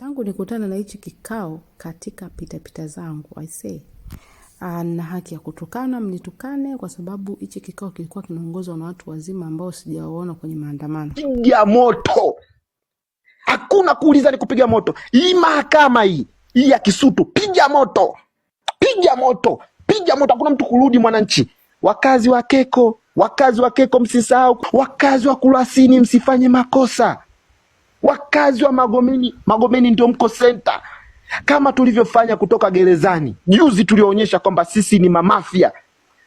Tangu nikutana na hichi kikao katika pitapita zangu I say ah, haki ya kutukana, mnitukane, kwa sababu hichi kikao kilikuwa kinaongozwa na watu wazima ambao sijawaona kwenye maandamano. Piga moto, hakuna kuuliza, ni kupiga moto hii mahakama hii hii ya Kisutu. Piga moto, piga moto, piga moto, hakuna mtu kurudi. Mwananchi, wakazi wa Keko, wakazi wa Keko msisahau, wakazi wa Kurasini msifanye makosa. Wakazi wa Magomeni, Magomeni ndio mko senta, kama tulivyofanya kutoka gerezani juzi. Tulionyesha kwamba sisi ni mamafia.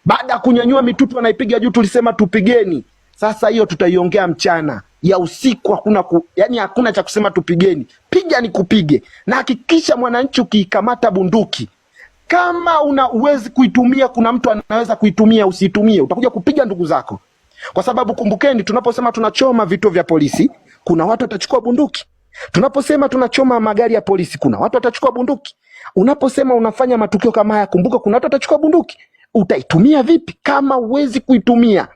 Baada ya kunyanyua mitutu wanaipiga juu, tulisema tupigeni. Sasa hiyo tutaiongea mchana ya usiku hakuna ku, yani hakuna cha kusema tupigeni, piga ni kupige. Na hakikisha mwananchi, ukiikamata bunduki kama una uwezi kuitumia, kuna mtu anaweza kuitumia, usitumie, utakuja kupiga ndugu zako, kwa sababu kumbukeni, tunaposema tunachoma vituo vya polisi kuna watu watachukua bunduki. Tunaposema tunachoma magari ya polisi, kuna watu watachukua bunduki. Unaposema unafanya matukio kama haya, kumbuka kuna watu watachukua bunduki. Utaitumia vipi kama huwezi kuitumia?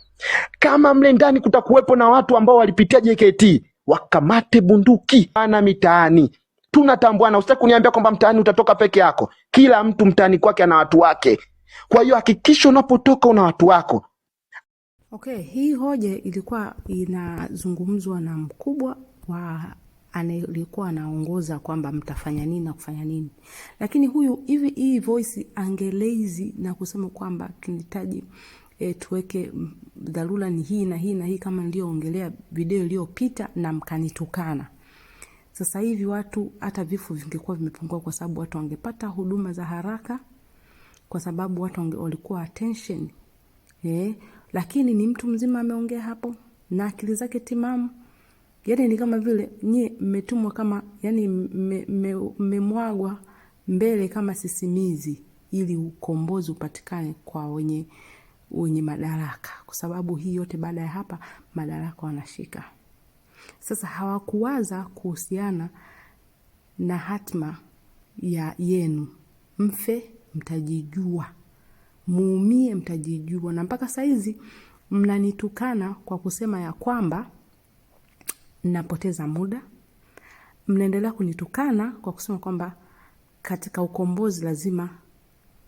Kama mle ndani kutakuwepo na watu ambao walipitia JKT, wakamate bunduki ana mitaani tunatambuana. Usitaki kuniambia kwamba mtaani utatoka peke yako. Kila mtu mtaani kwake ana watu wake. Kwa hiyo hakikisha unapotoka una watu wako. Okay, hii hoja ilikuwa inazungumzwa na mkubwa wa alikuwa anaongoza kwamba mtafanya nini na kufanya nini, lakini huyu hivi hii voice angelezi na kusema kwamba tunahitaji e, tuweke mm, dharura ni hii na hii na hii, kama niliyoongelea video iliyopita, na mkanitukana. Sasa hivi watu hata vifo vingekuwa vimepungua, kwa sababu watu wangepata huduma za haraka, kwa sababu watu walikuwa attention eh lakini ni mtu mzima ameongea hapo na akili zake timamu. Yani ni kama vile nyie mmetumwa kama yani mmemwagwa me, me, mbele kama sisimizi ili ukombozi upatikane kwa wenye wenye madaraka, kwa sababu hii yote baada ya hapa madaraka wanashika sasa. Hawakuwaza kuhusiana na hatma ya yenu, mfe mtajijua muumie, mtajijua. Na mpaka sahizi mnanitukana kwa kusema ya kwamba napoteza muda, mnaendelea kunitukana kwa kusema kwamba katika ukombozi lazima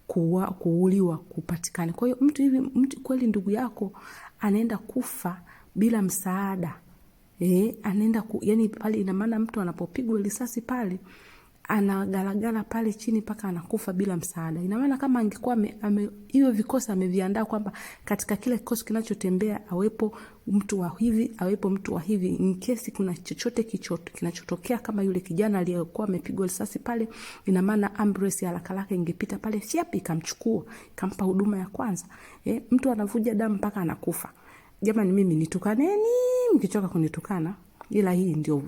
kuwa, kuuliwa kupatikana. Kwa hiyo mtu hivi mtu kweli, ndugu yako anaenda kufa bila msaada e, anaenda ku, yani pale, inamaana mtu anapopigwa risasi pale anagaragara pale chini mpaka anakufa bila msaada. Ina maana kama angekuwa hiyo vikosi ameviandaa kwamba katika kila kikosi kinachotembea awepo mtu wa hivi, awepo mtu wa hivi, inkesi kuna chochote kinachotokea kama yule kijana aliyekuwa amepigwa risasi pale, ina maana ambulance ya haraka ingepita pale siapi, ikamchukua ikampa huduma ya kwanza. Eh, mtu anavuja damu mpaka anakufa. Jamani, mimi nitukaneni, mkichoka kunitukana ila hii ndio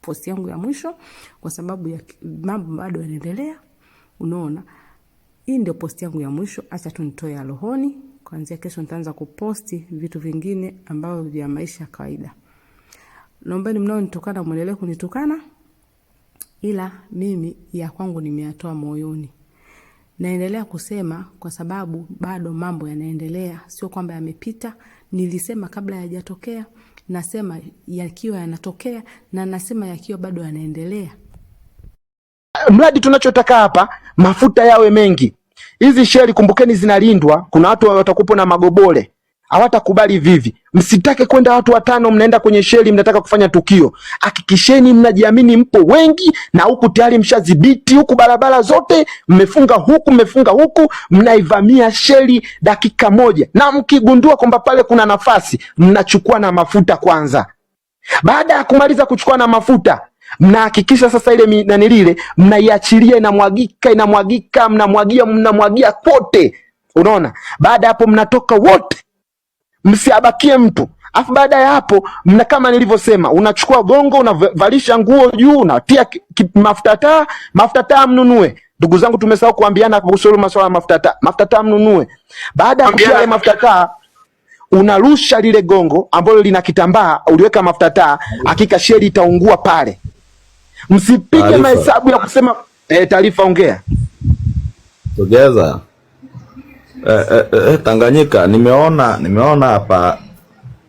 posti yangu ya mwisho kwa sababu ya mambo bado yanaendelea. Unaona, hii ndio post yangu ya mwisho, acha tu nitoe alohoni Kuanzia kesho nitaanza kuposti vitu vingine ambavyo vya maisha ya kawaida. Naombeni mnaonitukana mwendelee kunitukana, ila mimi ya kwangu nimeyatoa moyoni. Naendelea kusema kwa sababu bado mambo yanaendelea, sio kwamba yamepita nilisema kabla yajatokea, nasema yakiwa yanatokea, na nasema yakiwa bado yanaendelea. Mradi tunachotaka hapa mafuta yawe mengi. Hizi sheli kumbukeni, zinalindwa. Kuna watu watakupo na magobole hawatakubali vivi. Msitake kwenda watu watano, mnaenda kwenye sheli, mnataka kufanya tukio. Hakikisheni mnajiamini, mpo wengi na huku tayari mshadhibiti, huku barabara zote mmefunga, huku mmefunga, huku mnaivamia sheli dakika moja, na mkigundua kwamba pale kuna nafasi, mnachukua na mafuta kwanza. Baada ya kumaliza kuchukua na mafuta mnahakikisha sasa ile nanilile mnaiachilia inamwagika, inamwagika, mnamwagia, mnamwagia kote. Unaona, baada ya hapo mnatoka wote msiabakie mtu Afu baada ya hapo mna kama nilivyosema, unachukua gongo unavalisha nguo juu, unatia mafuta taa. Mafuta taa mnunue, ndugu zangu, tumesahau kuambiana kuhusu hilo masuala ya mafuta taa. Mafuta taa mnunue. Baada ya kutia mafuta taa, unarusha lile gongo ambalo lina kitambaa, uliweka mafuta taa, hakika sheli itaungua pale. Msipige mahesabu ya kusema eh, taarifa ongea sogeza Eh, eh, eh, eh, Tanganyika nimeona nimeona hapa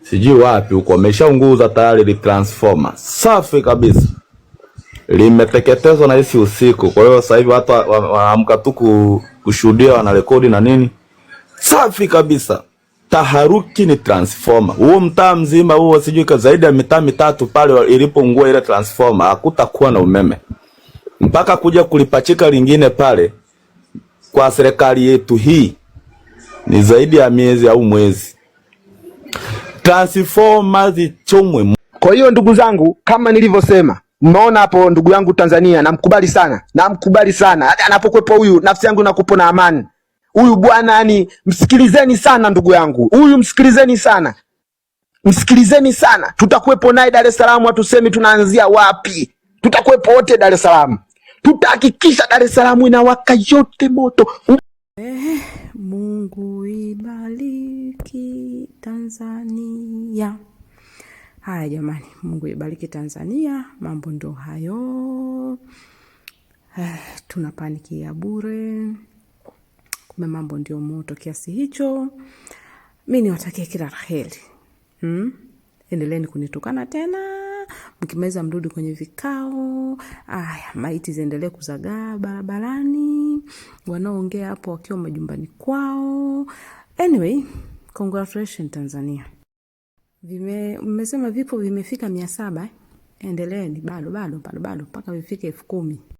sijui wapi huko ameshaunguza tayari li transformer safi kabisa limeteketezwa na hisi usiku. Kwa hiyo sasa hivi watu wanaamka tu kushuhudia, wanarekodi na nini. Safi kabisa, taharuki ni transformer. Huo mtaa mzima huo, sijui zaidi ya mitaa mitatu pale ilipoungua ile transformer, hakutakuwa na umeme mpaka kuja kulipachika lingine pale. Kwa serikali yetu hii ni zaidi ya miezi au mwezi, Transformer zichomwe. Kwa hiyo ndugu zangu, kama nilivyosema, mmeona hapo ndugu yangu Tanzania, namkubali sana, namkubali sana. Hata huyu, nafsi yangu nakupo na amani. Huyu bwana yani, msikilizeni sana ndugu yangu huyu, msikilizeni sana, msikilizeni sana. Tutakuwepo naye Dar es Salaam, hatusemi tunaanzia wapi, tutakuwepo wote Dar es Salaam, tutahakikisha Dar es Salaam inawaka yote moto. Mungu ibariki Tanzania. Haya jamani, Mungu ibariki Tanzania. Mambo ndo hayo eh, tuna paniki ya bure, kumbe mambo ndio moto kiasi hicho. Mi niwatakie kila la heri hmm? Endeleni kunitukana tena mkimaliza mrudi kwenye vikao. Aya, maiti ziendelee kuzagaa barabarani, wanaoongea hapo wakiwa majumbani kwao. Anyway, congratulations Tanzania, mmesema vifo vimefika mia saba. Eh? Endeleeni bado bado bado bado mpaka vifike elfu kumi.